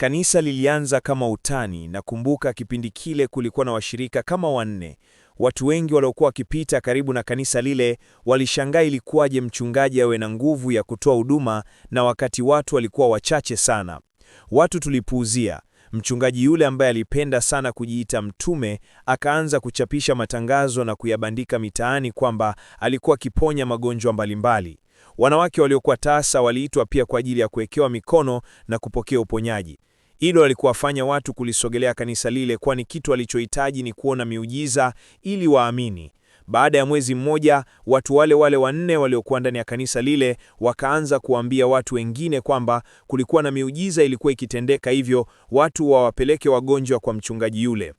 Kanisa lilianza kama utani, na kumbuka kipindi kile kulikuwa na washirika kama wanne. Watu wengi waliokuwa wakipita karibu na kanisa lile walishangaa ilikuwaje mchungaji awe na nguvu ya kutoa huduma na wakati watu walikuwa wachache sana. Watu tulipuuzia. Mchungaji yule ambaye alipenda sana kujiita mtume akaanza kuchapisha matangazo na kuyabandika mitaani kwamba alikuwa akiponya magonjwa mbalimbali. Wanawake waliokuwa tasa waliitwa pia kwa ajili ya kuwekewa mikono na kupokea uponyaji. Hilo alikuwafanya watu kulisogelea kanisa lile, kwani kitu alichohitaji ni kuona miujiza ili waamini. Baada ya mwezi mmoja, watu wale wale wanne waliokuwa ndani ya kanisa lile wakaanza kuambia watu wengine kwamba kulikuwa na miujiza ilikuwa ikitendeka, hivyo watu wawapeleke wagonjwa kwa mchungaji yule.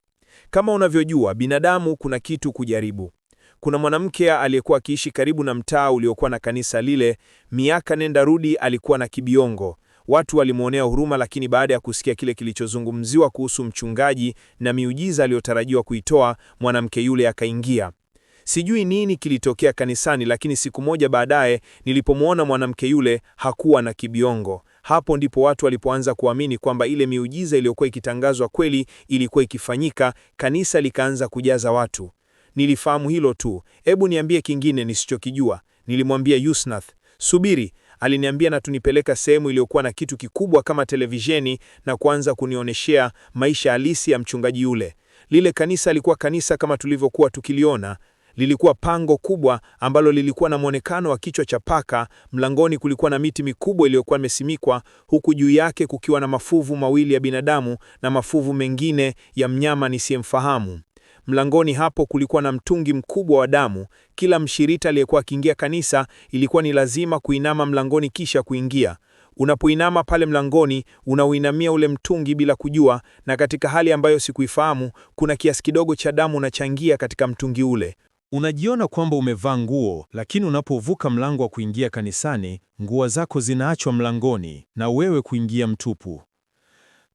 Kama unavyojua binadamu, kuna kitu kujaribu. Kuna mwanamke aliyekuwa akiishi karibu na mtaa uliokuwa na kanisa lile. Miaka nenda rudi, alikuwa na kibiongo, Watu walimwonea huruma, lakini baada ya kusikia kile kilichozungumziwa kuhusu mchungaji na miujiza aliyotarajiwa kuitoa, mwanamke yule akaingia. Sijui nini kilitokea kanisani, lakini siku moja baadaye nilipomwona mwanamke yule hakuwa na kibiongo. Hapo ndipo watu walipoanza kuamini kwamba ile miujiza iliyokuwa ikitangazwa kweli ilikuwa ikifanyika. Kanisa likaanza kujaza watu. Nilifahamu hilo tu. Hebu niambie kingine nisichokijua, nilimwambia Yusnath. Subiri, Aliniambia na tunipeleka sehemu iliyokuwa na kitu kikubwa kama televisheni na kuanza kunionyeshea maisha halisi ya mchungaji yule. Lile kanisa alikuwa kanisa kama tulivyokuwa tukiliona lilikuwa pango kubwa ambalo lilikuwa na mwonekano wa kichwa cha paka. Mlangoni kulikuwa na miti mikubwa iliyokuwa imesimikwa, huku juu yake kukiwa na mafuvu mawili ya binadamu na mafuvu mengine ya mnyama nisiyemfahamu. Mlangoni hapo kulikuwa na mtungi mkubwa wa damu. Kila mshirita aliyekuwa akiingia kanisa ilikuwa ni lazima kuinama mlangoni kisha kuingia. Unapoinama pale mlangoni, unauinamia ule mtungi bila kujua, na katika hali ambayo sikuifahamu, kuna kiasi kidogo cha damu unachangia katika mtungi ule. Unajiona kwamba umevaa nguo, lakini unapovuka mlango wa kuingia kanisani, nguo zako zinaachwa mlangoni na wewe kuingia mtupu.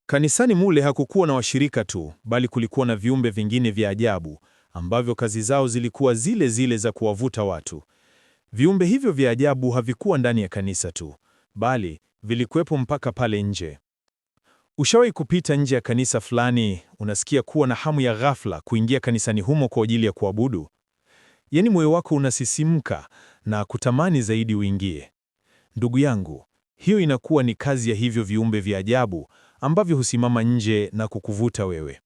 Kanisani mule hakukuwa na washirika tu, bali kulikuwa na viumbe vingine vya ajabu ambavyo kazi zao zilikuwa zile zile za kuwavuta watu. Viumbe hivyo vya ajabu havikuwa ndani ya kanisa tu, bali vilikuwepo mpaka pale nje. Ushawahi kupita nje ya kanisa fulani, unasikia kuwa na hamu ya ghafla kuingia kanisani humo kwa ajili ya kuabudu? Yaani moyo wako unasisimka na kutamani zaidi uingie. Ndugu yangu, hiyo inakuwa ni kazi ya hivyo viumbe vya ajabu ambavyo husimama nje na kukuvuta wewe.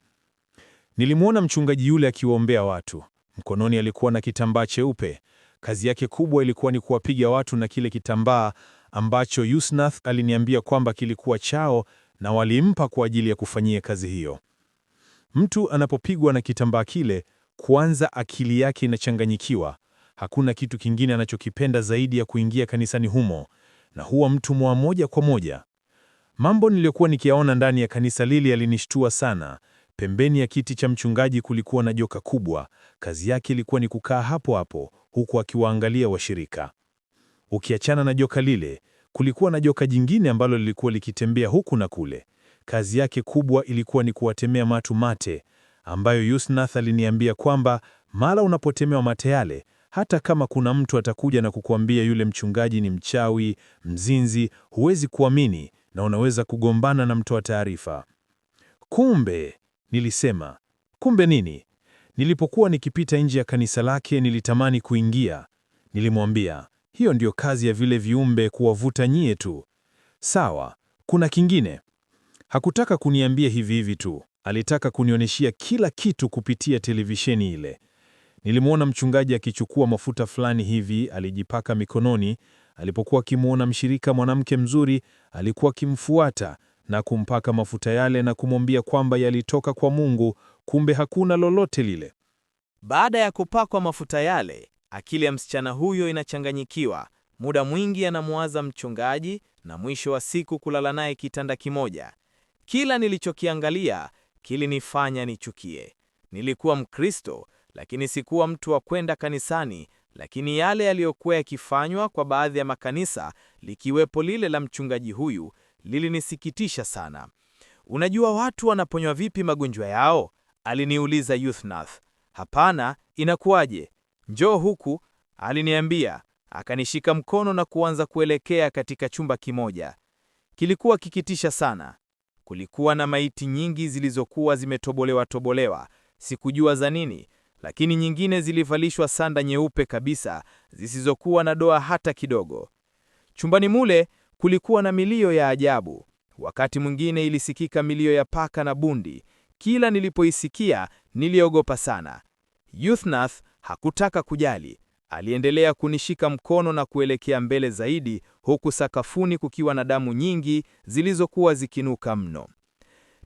Nilimwona mchungaji yule akiwaombea watu. Mkononi alikuwa na kitambaa cheupe. Kazi yake kubwa ilikuwa ni kuwapiga watu na kile kitambaa ambacho Yusnath aliniambia kwamba kilikuwa chao na walimpa kwa ajili ya kufanyia kazi hiyo. Mtu anapopigwa na kitambaa kile, kwanza akili yake inachanganyikiwa. Hakuna kitu kingine anachokipenda zaidi ya kuingia kanisani humo, na huwa mtu mwa moja kwa moja. Mambo niliyokuwa nikiyaona ndani ya kanisa lili yalinishtua sana. Pembeni ya kiti cha mchungaji kulikuwa na joka kubwa. Kazi yake ilikuwa ni kukaa hapo hapo huku akiwaangalia washirika. Ukiachana na joka lile, kulikuwa na joka jingine ambalo lilikuwa likitembea huku na kule. Kazi yake kubwa ilikuwa ni kuwatemea matu mate, ambayo Yusnath aliniambia kwamba mara unapotemewa mate yale, hata kama kuna mtu atakuja na kukuambia yule mchungaji ni mchawi, mzinzi, huwezi kuamini na unaweza kugombana na mtoa taarifa. Kumbe, nilisema. Kumbe nini? Nilipokuwa nikipita nje ya kanisa lake nilitamani kuingia. Nilimwambia, hiyo ndiyo kazi ya vile viumbe kuwavuta nyie tu. Sawa, kuna kingine. Hakutaka kuniambia hivi hivi tu. Alitaka kunionyeshia kila kitu kupitia televisheni ile. Nilimwona mchungaji akichukua mafuta fulani hivi alijipaka mikononi, Alipokuwa akimwona mshirika mwanamke mzuri, alikuwa akimfuata na kumpaka mafuta yale na kumwambia kwamba yalitoka kwa Mungu, kumbe hakuna lolote lile. Baada ya kupakwa mafuta yale, akili ya msichana huyo inachanganyikiwa. Muda mwingi anamwaza mchungaji na mwisho wa siku kulala naye kitanda kimoja. Kila nilichokiangalia kilinifanya nichukie. Nilikuwa Mkristo, lakini sikuwa mtu wa kwenda kanisani lakini yale yaliyokuwa yakifanywa kwa baadhi ya makanisa, likiwepo lile la mchungaji huyu, lilinisikitisha sana. Unajua watu wanaponywa vipi magonjwa yao? aliniuliza Yuthnath. Hapana, inakuwaje? Njoo huku, aliniambia, akanishika mkono na kuanza kuelekea katika chumba kimoja. Kilikuwa kikitisha sana. Kulikuwa na maiti nyingi zilizokuwa zimetobolewa tobolewa, sikujua za nini, lakini nyingine zilivalishwa sanda nyeupe kabisa zisizokuwa na doa hata kidogo. Chumbani mule kulikuwa na milio ya ajabu. Wakati mwingine ilisikika milio ya paka na bundi. Kila nilipoisikia niliogopa sana. Yuthnath hakutaka kujali, aliendelea kunishika mkono na kuelekea mbele zaidi, huku sakafuni kukiwa na damu nyingi zilizokuwa zikinuka mno.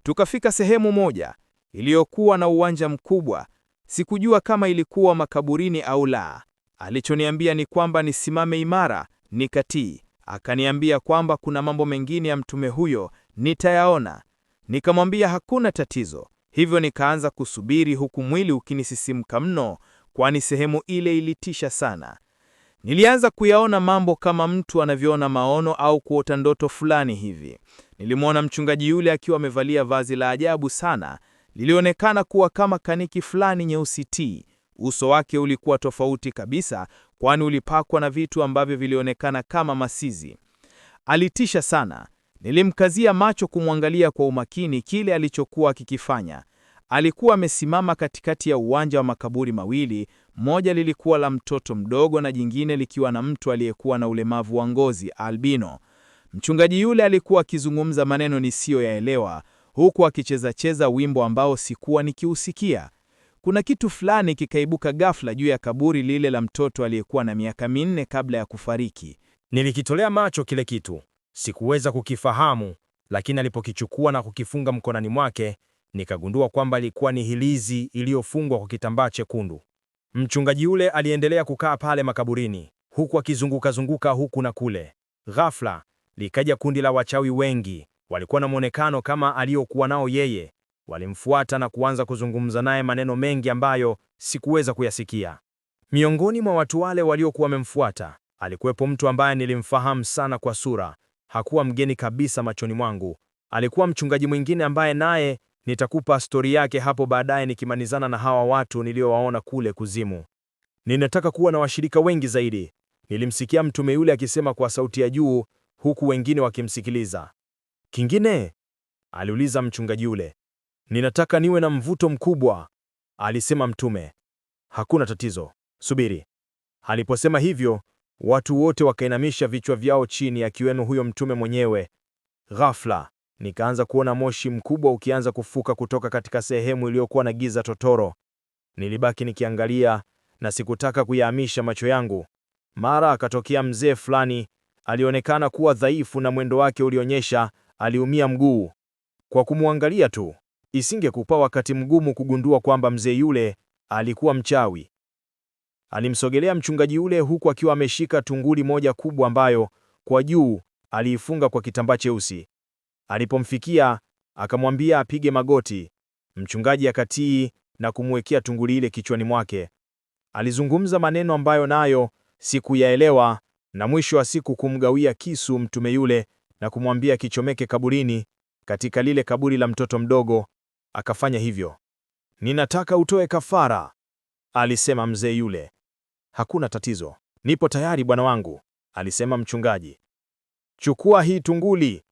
Tukafika sehemu moja iliyokuwa na uwanja mkubwa Sikujua kama ilikuwa makaburini au la. Alichoniambia ni kwamba nisimame imara, nikatii. Akaniambia kwamba kuna mambo mengine ya mtume huyo nitayaona. Nikamwambia hakuna tatizo. Hivyo nikaanza kusubiri huku mwili ukinisisimka mno, kwani sehemu ile ilitisha sana. Nilianza kuyaona mambo kama mtu anavyoona maono au kuota ndoto fulani hivi. Nilimwona mchungaji yule akiwa amevalia vazi la ajabu sana lilionekana kuwa kama kaniki fulani nyeusi ti Uso wake ulikuwa tofauti kabisa, kwani ulipakwa na vitu ambavyo vilionekana kama masizi. Alitisha sana. Nilimkazia macho kumwangalia kwa umakini kile alichokuwa akikifanya. Alikuwa amesimama katikati ya uwanja wa makaburi mawili, moja lilikuwa la mtoto mdogo na jingine likiwa na mtu aliyekuwa na ulemavu wa ngozi albino. Mchungaji yule alikuwa akizungumza maneno nisiyoyaelewa, huku akichezacheza wimbo ambao sikuwa nikiusikia. Kuna kitu fulani kikaibuka ghafla juu ya kaburi lile la mtoto aliyekuwa na miaka minne kabla ya kufariki. Nilikitolea macho kile kitu, sikuweza kukifahamu, lakini alipokichukua na kukifunga mkononi mwake, nikagundua kwamba ilikuwa ni hilizi iliyofungwa kwa kitambaa chekundu. Mchungaji yule aliendelea kukaa pale makaburini, huku akizungukazunguka huku na kule. Ghafla likaja kundi la wachawi wengi Walikuwa na mwonekano kama aliyokuwa nao yeye. Walimfuata na kuanza kuzungumza naye maneno mengi ambayo sikuweza kuyasikia. Miongoni mwa watu wale waliokuwa wamemfuata, alikuwepo mtu ambaye nilimfahamu sana kwa sura. Hakuwa mgeni kabisa machoni mwangu. Alikuwa mchungaji mwingine ambaye naye nitakupa stori yake hapo baadaye nikimanizana na hawa watu niliowaona kule kuzimu. Ninataka kuwa na washirika wengi zaidi, nilimsikia mtume yule akisema kwa sauti ya juu, huku wengine wakimsikiliza. Kingine? aliuliza mchungaji yule. Ninataka niwe na mvuto mkubwa, alisema mtume. Hakuna tatizo, subiri. Aliposema hivyo, watu wote wakainamisha vichwa vyao chini, akiwemo huyo mtume mwenyewe. Ghafla nikaanza kuona moshi mkubwa ukianza kufuka kutoka katika sehemu iliyokuwa na giza totoro. Nilibaki nikiangalia na sikutaka kuyahamisha macho yangu. Mara akatokea mzee fulani, alionekana kuwa dhaifu na mwendo wake ulionyesha aliumia mguu kwa kumwangalia tu. Isingekupa wakati mgumu kugundua kwamba mzee yule alikuwa mchawi. Alimsogelea mchungaji yule huku akiwa ameshika tunguli moja kubwa ambayo kwa juu aliifunga kwa kitambaa cheusi. Alipomfikia akamwambia apige magoti. Mchungaji akatii na kumwekea tunguli ile kichwani mwake. Alizungumza maneno ambayo nayo sikuyaelewa na mwisho wa siku kumgawia kisu mtume yule na kumwambia akichomeke kaburini katika lile kaburi la mtoto mdogo, akafanya hivyo. Ninataka utoe kafara, alisema mzee yule. Hakuna tatizo, nipo tayari bwana wangu, alisema mchungaji. Chukua hii tunguli,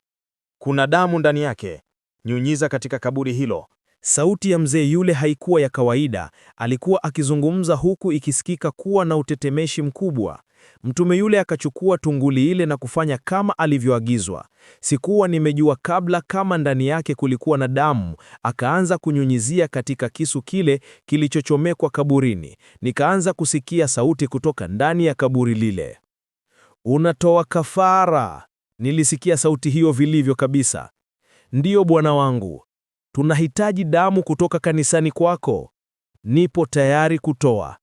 kuna damu ndani yake, nyunyiza katika kaburi hilo. Sauti ya mzee yule haikuwa ya kawaida, alikuwa akizungumza huku ikisikika kuwa na utetemeshi mkubwa. Mtume yule akachukua tunguli ile na kufanya kama alivyoagizwa. Sikuwa nimejua kabla kama ndani yake kulikuwa na damu. Akaanza kunyunyizia katika kisu kile kilichochomekwa kaburini. Nikaanza kusikia sauti kutoka ndani ya kaburi lile, unatoa kafara. Nilisikia sauti hiyo vilivyo kabisa. Ndiyo bwana wangu, tunahitaji damu kutoka kanisani kwako. Nipo tayari kutoa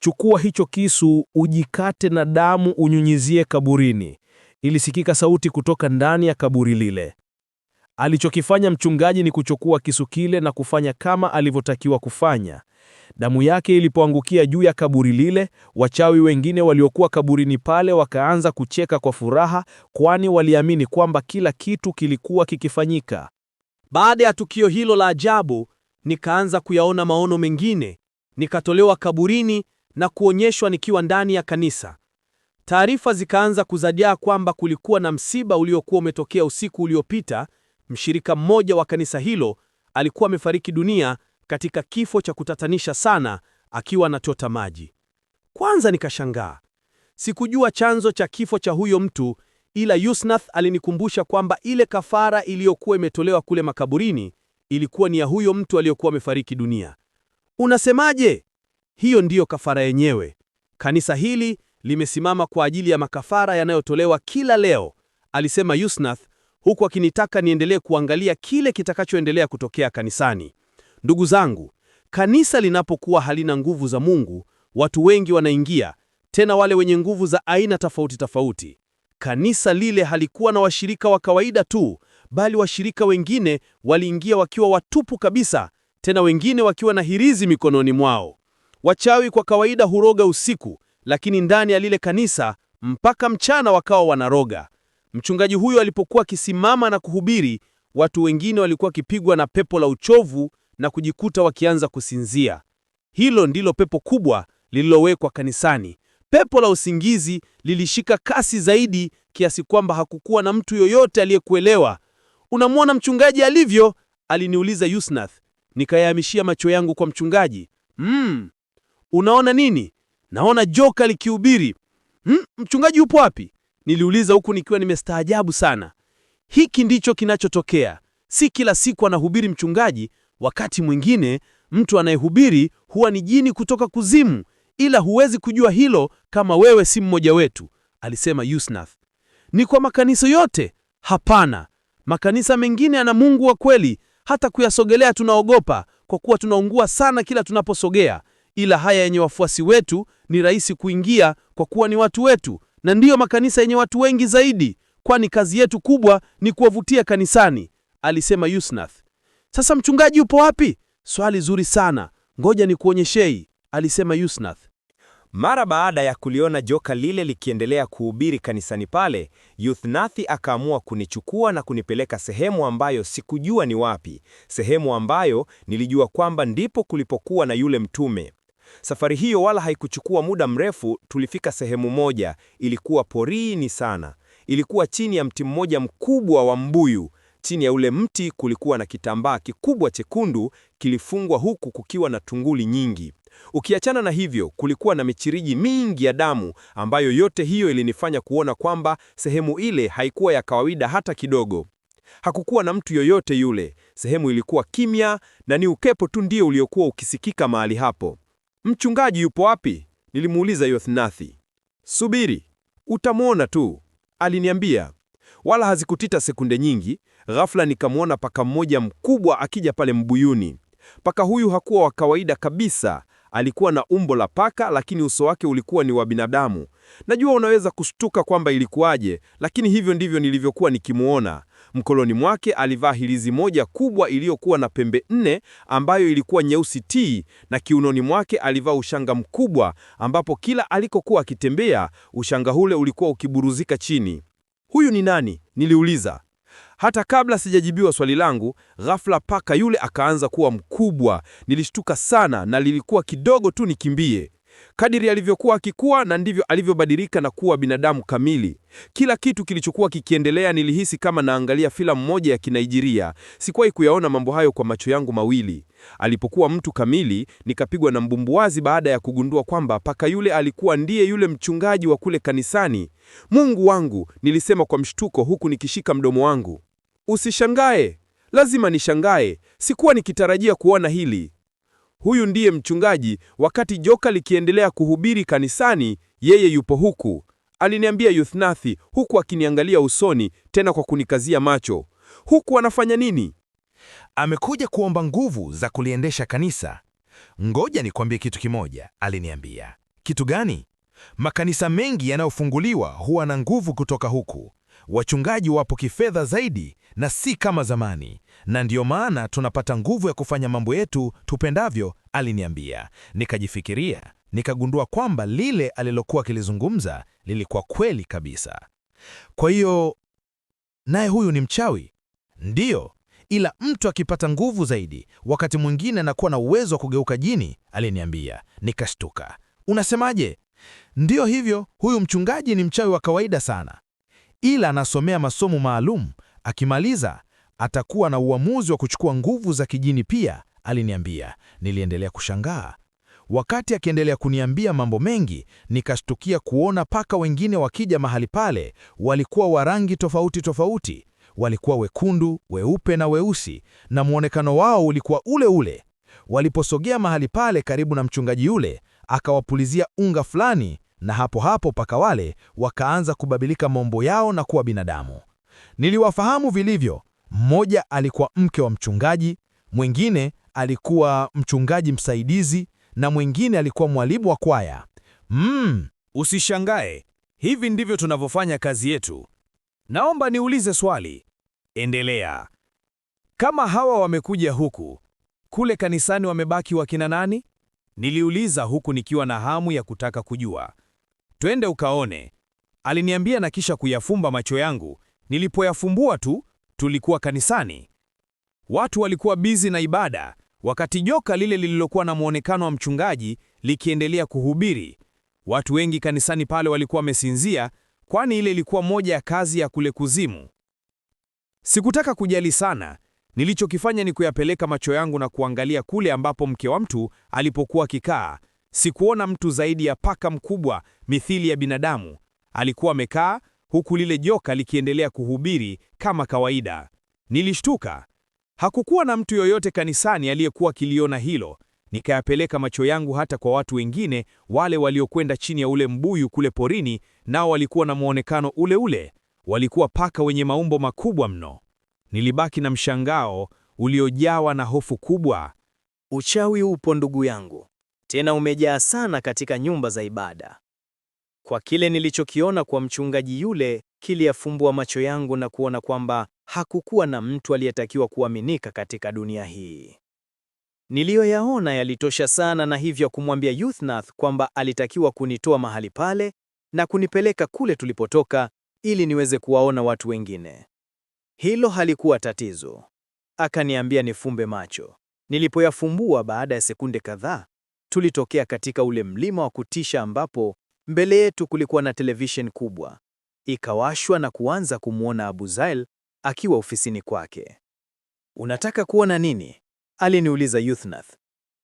chukua hicho kisu ujikate na damu unyunyizie kaburini. Ilisikika sauti kutoka ndani ya kaburi lile. Alichokifanya mchungaji ni kuchukua kisu kile na kufanya kama alivyotakiwa kufanya. Damu yake ilipoangukia juu ya kaburi lile, wachawi wengine waliokuwa kaburini pale wakaanza kucheka kwa furaha, kwani waliamini kwamba kila kitu kilikuwa kikifanyika. Baada ya tukio hilo la ajabu, nikaanza kuyaona maono mengine. Nikatolewa kaburini na kuonyeshwa nikiwa ndani ya kanisa. Taarifa zikaanza kuzajaa kwamba kulikuwa na msiba uliokuwa umetokea usiku uliopita. Mshirika mmoja wa kanisa hilo alikuwa amefariki dunia katika kifo cha kutatanisha sana, akiwa anachota maji. Kwanza nikashangaa, sikujua chanzo cha kifo cha huyo mtu, ila Yusnath alinikumbusha kwamba ile kafara iliyokuwa imetolewa kule makaburini ilikuwa ni ya huyo mtu aliyokuwa amefariki dunia. Unasemaje? Hiyo ndiyo kafara yenyewe. Kanisa hili limesimama kwa ajili ya makafara yanayotolewa kila leo, alisema Yusnath, huku akinitaka niendelee kuangalia kile kitakachoendelea kutokea kanisani. Ndugu zangu, kanisa linapokuwa halina nguvu za Mungu, watu wengi wanaingia, tena wale wenye nguvu za aina tofauti tofauti. Kanisa lile halikuwa na washirika wa kawaida tu, bali washirika wengine waliingia wakiwa watupu kabisa, tena wengine wakiwa na hirizi mikononi mwao. Wachawi kwa kawaida huroga usiku, lakini ndani ya lile kanisa mpaka mchana wakawa wanaroga. Mchungaji huyo alipokuwa akisimama na kuhubiri, watu wengine walikuwa wakipigwa na pepo la uchovu na kujikuta wakianza kusinzia. Hilo ndilo pepo kubwa lililowekwa kanisani. Pepo la usingizi lilishika kasi zaidi kiasi kwamba hakukuwa na mtu yoyote aliyekuelewa. Unamwona mchungaji alivyo? Aliniuliza Yusnath. Nikayahamishia macho yangu kwa mchungaji. Mm, unaona nini? Naona joka likihubiri. Hm, mchungaji yupo wapi? Niliuliza huku nikiwa nimestaajabu sana. Hiki ndicho kinachotokea. Si kila siku anahubiri mchungaji, wakati mwingine mtu anayehubiri huwa ni jini kutoka kuzimu, ila huwezi kujua hilo kama wewe si mmoja wetu, alisema Yusnath. Ni kwa makanisa yote? Hapana, makanisa mengine yana Mungu wa kweli, hata kuyasogelea tunaogopa, kwa kuwa tunaungua sana kila tunaposogea ila haya yenye wafuasi wetu ni rahisi kuingia kwa kuwa ni watu wetu, na ndiyo makanisa yenye watu wengi zaidi, kwani kazi yetu kubwa ni kuwavutia kanisani, alisema Yusnath. Sasa mchungaji upo wapi? Swali zuri sana, ngoja ni kuonyeshei, alisema Yusnath. Mara baada ya kuliona joka lile likiendelea kuhubiri kanisani pale, Yuthnathi akaamua kunichukua na kunipeleka sehemu ambayo sikujua ni wapi, sehemu ambayo nilijua kwamba ndipo kulipokuwa na yule mtume. Safari hiyo wala haikuchukua muda mrefu, tulifika sehemu moja, ilikuwa porini sana. Ilikuwa chini ya mti mmoja mkubwa wa mbuyu. Chini ya ule mti kulikuwa na kitambaa kikubwa chekundu kilifungwa, huku kukiwa na tunguli nyingi. Ukiachana na hivyo, kulikuwa na michiriji mingi ya damu, ambayo yote hiyo ilinifanya kuona kwamba sehemu ile haikuwa ya kawaida hata kidogo. Hakukuwa na mtu yoyote yule, sehemu ilikuwa kimya, na ni ukepo tu ndio uliokuwa ukisikika mahali hapo. Mchungaji yupo wapi? Nilimuuliza Yothnathi. Subiri, utamwona tu, aliniambia. Wala hazikutita sekunde nyingi, ghafla nikamwona paka mmoja mkubwa akija pale mbuyuni. Paka huyu hakuwa wa kawaida kabisa. Alikuwa na umbo la paka, lakini uso wake ulikuwa ni wa binadamu. Najua unaweza kushtuka kwamba ilikuwaje, lakini hivyo ndivyo nilivyokuwa nikimuona. Mkoloni mwake alivaa hirizi moja kubwa iliyokuwa na pembe nne ambayo ilikuwa nyeusi tii, na kiunoni mwake alivaa ushanga mkubwa, ambapo kila alikokuwa akitembea ushanga ule ulikuwa ukiburuzika chini. Huyu ni nani? Niliuliza. Hata kabla sijajibiwa swali langu, ghafla paka yule akaanza kuwa mkubwa. Nilishtuka sana na lilikuwa kidogo tu nikimbie. Kadiri alivyokuwa akikuwa na ndivyo alivyobadilika na kuwa binadamu kamili. Kila kitu kilichokuwa kikiendelea nilihisi kama naangalia filamu moja ya Kinaijiria. Sikuwahi kuyaona mambo hayo kwa macho yangu mawili. Alipokuwa mtu kamili, nikapigwa na mbumbuazi baada ya kugundua kwamba paka yule alikuwa ndiye yule mchungaji wa kule kanisani. Mungu wangu, nilisema kwa mshtuko, huku nikishika mdomo wangu. Usishangae, lazima nishangae, sikuwa nikitarajia kuona hili. Huyu ndiye mchungaji. Wakati joka likiendelea kuhubiri kanisani, yeye yupo huku, aliniambia Yuthnathi, huku akiniangalia usoni, tena kwa kunikazia macho. Huku anafanya nini? Amekuja kuomba nguvu za kuliendesha kanisa. Ngoja nikwambie kitu kimoja, aliniambia. Kitu gani? Makanisa mengi yanayofunguliwa huwa na nguvu kutoka huku. Wachungaji wapo kifedha zaidi na si kama zamani, na ndiyo maana tunapata nguvu ya kufanya mambo yetu tupendavyo, aliniambia. Nikajifikiria, nikagundua kwamba lile alilokuwa akilizungumza lilikuwa kweli kabisa. Kwa hiyo naye huyu ni mchawi? Ndiyo, ila mtu akipata nguvu zaidi, wakati mwingine anakuwa na uwezo wa kugeuka jini, aliniambia. Nikashtuka. Unasemaje? Ndiyo hivyo, huyu mchungaji ni mchawi wa kawaida sana ila anasomea masomo maalum. Akimaliza atakuwa na uamuzi wa kuchukua nguvu za kijini pia, aliniambia. Niliendelea kushangaa. Wakati akiendelea kuniambia mambo mengi, nikashtukia kuona paka wengine wakija mahali pale. Walikuwa wa rangi tofauti tofauti, walikuwa wekundu, weupe na weusi, na mwonekano wao ulikuwa ule ule. Waliposogea mahali pale karibu na mchungaji yule, akawapulizia unga fulani na hapo hapo paka wale wakaanza kubadilika mambo yao na kuwa binadamu. Niliwafahamu vilivyo. Mmoja alikuwa mke wa mchungaji, mwingine alikuwa mchungaji msaidizi na mwingine alikuwa mwalimu wa kwaya. Mm, usishangae, hivi ndivyo tunavyofanya kazi yetu. Naomba niulize swali. Endelea. Kama hawa wamekuja huku, kule kanisani wamebaki wakina nani? Niliuliza huku nikiwa na hamu ya kutaka kujua twende ukaone, aliniambia na kisha kuyafumba macho yangu. Nilipoyafumbua tu, tulikuwa kanisani. Watu walikuwa bizi na ibada, wakati joka lile lililokuwa na muonekano wa mchungaji likiendelea kuhubiri. Watu wengi kanisani pale walikuwa wamesinzia, kwani ile ilikuwa moja ya kazi ya kule kuzimu. Sikutaka kujali sana. Nilichokifanya ni kuyapeleka macho yangu na kuangalia kule ambapo mke wa mtu alipokuwa akikaa. Sikuona mtu zaidi ya paka mkubwa mithili ya binadamu. Alikuwa amekaa huku lile joka likiendelea kuhubiri kama kawaida. Nilishtuka. Hakukuwa na mtu yoyote kanisani aliyekuwa kiliona hilo. Nikayapeleka macho yangu hata kwa watu wengine, wale waliokwenda chini ya ule mbuyu kule porini, nao walikuwa na mwonekano ule ule. Walikuwa paka wenye maumbo makubwa mno. Nilibaki na mshangao uliojawa na hofu kubwa. Uchawi upo ndugu yangu tena umejaa sana katika nyumba za ibada. Kwa kile nilichokiona kwa mchungaji yule, kiliyafumbua macho yangu na kuona kwamba hakukuwa na mtu aliyetakiwa kuaminika katika dunia hii. Niliyoyaona yalitosha sana, na hivyo kumwambia Yuthnath kwamba alitakiwa kunitoa mahali pale na kunipeleka kule tulipotoka ili niweze kuwaona watu wengine. Hilo halikuwa tatizo. Akaniambia nifumbe macho. Nilipoyafumbua baada ya sekunde kadhaa, Tulitokea katika ule mlima wa kutisha ambapo mbele yetu kulikuwa na televisheni kubwa ikawashwa na kuanza kumwona Abu Zail akiwa ofisini kwake. Unataka kuona nini? aliniuliza Yuthnath.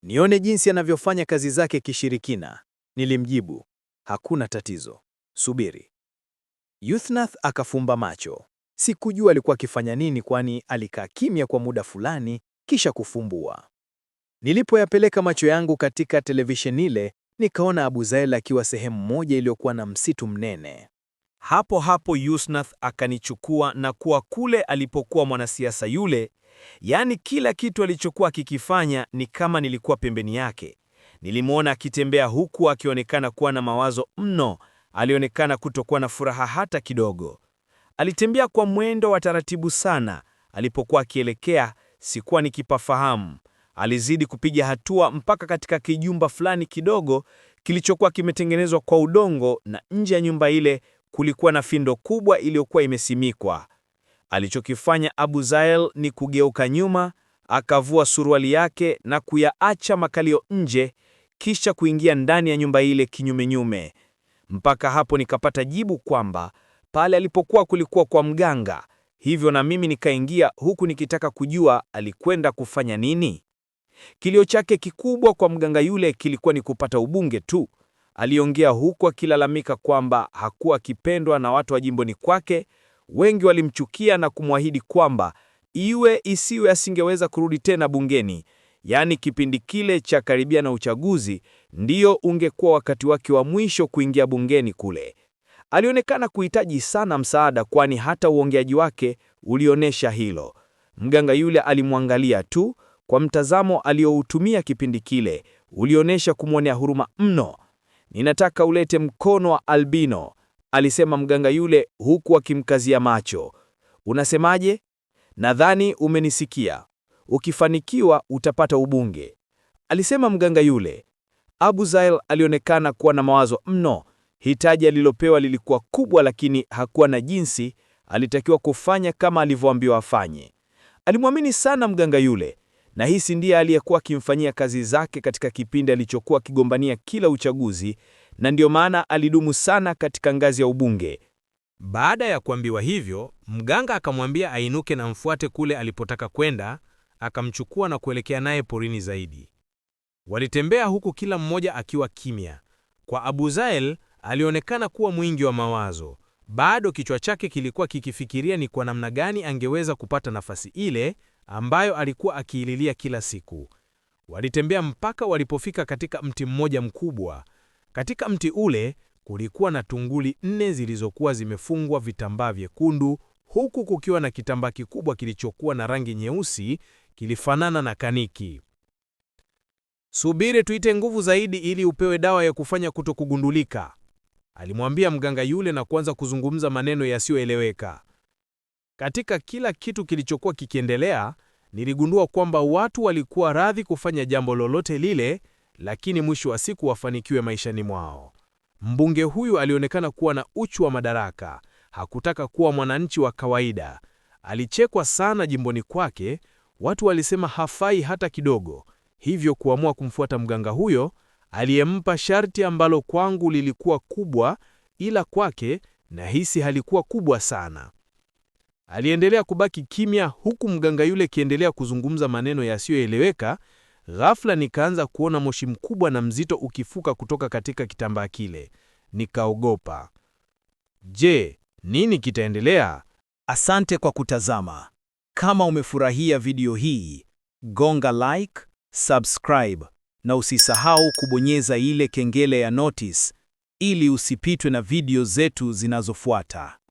Nione jinsi anavyofanya kazi zake kishirikina, nilimjibu. Hakuna tatizo, subiri. Yuthnath akafumba macho. Sikujua alikuwa akifanya nini, kwani alikaa kimya kwa muda fulani kisha kufumbua. Nilipoyapeleka macho yangu katika televisheni ile, nikaona Abu Zael akiwa sehemu moja iliyokuwa na msitu mnene. Hapo hapo Yusnath akanichukua na kuwa kule alipokuwa mwanasiasa yule, yaani kila kitu alichokuwa akikifanya ni kama nilikuwa pembeni yake. Nilimwona akitembea huku akionekana kuwa na mawazo mno, alionekana kutokuwa na furaha hata kidogo. Alitembea kwa mwendo wa taratibu sana alipokuwa akielekea, sikuwa nikipafahamu, Alizidi kupiga hatua mpaka katika kijumba fulani kidogo kilichokuwa kimetengenezwa kwa udongo, na nje ya nyumba ile kulikuwa na findo kubwa iliyokuwa imesimikwa. Alichokifanya Abu Zael ni kugeuka nyuma, akavua suruali yake na kuyaacha makalio nje, kisha kuingia ndani ya nyumba ile kinyumenyume. Mpaka hapo nikapata jibu kwamba pale alipokuwa kulikuwa kwa mganga, hivyo na mimi nikaingia huku nikitaka kujua alikwenda kufanya nini. Kilio chake kikubwa kwa mganga yule kilikuwa ni kupata ubunge tu. Aliongea huku akilalamika kwamba hakuwa akipendwa na watu wa jimboni kwake. Wengi walimchukia na kumwahidi kwamba iwe isiwe asingeweza kurudi tena bungeni. Yaani kipindi kile cha karibia na uchaguzi ndiyo ungekuwa wakati wake wa mwisho kuingia bungeni kule. Alionekana kuhitaji sana msaada, kwani hata uongeaji wake ulionyesha hilo. Mganga yule alimwangalia tu kwa mtazamo aliyoutumia kipindi kile ulionyesha kumwonea huruma mno. Ninataka ulete mkono wa albino, alisema mganga yule huku akimkazia macho. Unasemaje? Nadhani umenisikia. Ukifanikiwa utapata ubunge, alisema mganga yule. Abu Zail alionekana kuwa na mawazo mno. Hitaji alilopewa lilikuwa kubwa, lakini hakuwa na jinsi. Alitakiwa kufanya kama alivyoambiwa afanye. Alimwamini sana mganga yule, na hisi ndiye aliyekuwa akimfanyia kazi zake katika kipindi alichokuwa akigombania kila uchaguzi, na ndiyo maana alidumu sana katika ngazi ya ubunge. Baada ya kuambiwa hivyo, mganga akamwambia ainuke na mfuate kule alipotaka kwenda, akamchukua na kuelekea naye porini zaidi. Walitembea huku kila mmoja akiwa kimya. Kwa Abuzael alionekana kuwa mwingi wa mawazo, bado kichwa chake kilikuwa kikifikiria ni kwa namna gani angeweza kupata nafasi ile ambayo alikuwa akiililia kila siku. Walitembea mpaka walipofika katika mti mmoja mkubwa. Katika mti ule kulikuwa na tunguli nne zilizokuwa zimefungwa vitambaa vyekundu, huku kukiwa na kitambaa kikubwa kilichokuwa na rangi nyeusi, kilifanana na kaniki. Subiri tuite nguvu zaidi ili upewe dawa ya kufanya kutokugundulika, alimwambia mganga yule na kuanza kuzungumza maneno yasiyoeleweka. Katika kila kitu kilichokuwa kikiendelea, niligundua kwamba watu walikuwa radhi kufanya jambo lolote lile, lakini mwisho wa siku wafanikiwe maishani mwao. Mbunge huyu alionekana kuwa na uchu wa madaraka, hakutaka kuwa mwananchi wa kawaida. Alichekwa sana jimboni kwake, watu walisema hafai hata kidogo, hivyo kuamua kumfuata mganga huyo aliyempa sharti ambalo kwangu lilikuwa kubwa, ila kwake nahisi halikuwa kubwa sana. Aliendelea kubaki kimya huku mganga yule akiendelea kuzungumza maneno yasiyoeleweka. Ghafla nikaanza kuona moshi mkubwa na mzito ukifuka kutoka katika kitambaa kile. Nikaogopa. Je, nini kitaendelea? Asante kwa kutazama. Kama umefurahia video hii, gonga like, subscribe na usisahau kubonyeza ile kengele ya notice ili usipitwe na video zetu zinazofuata.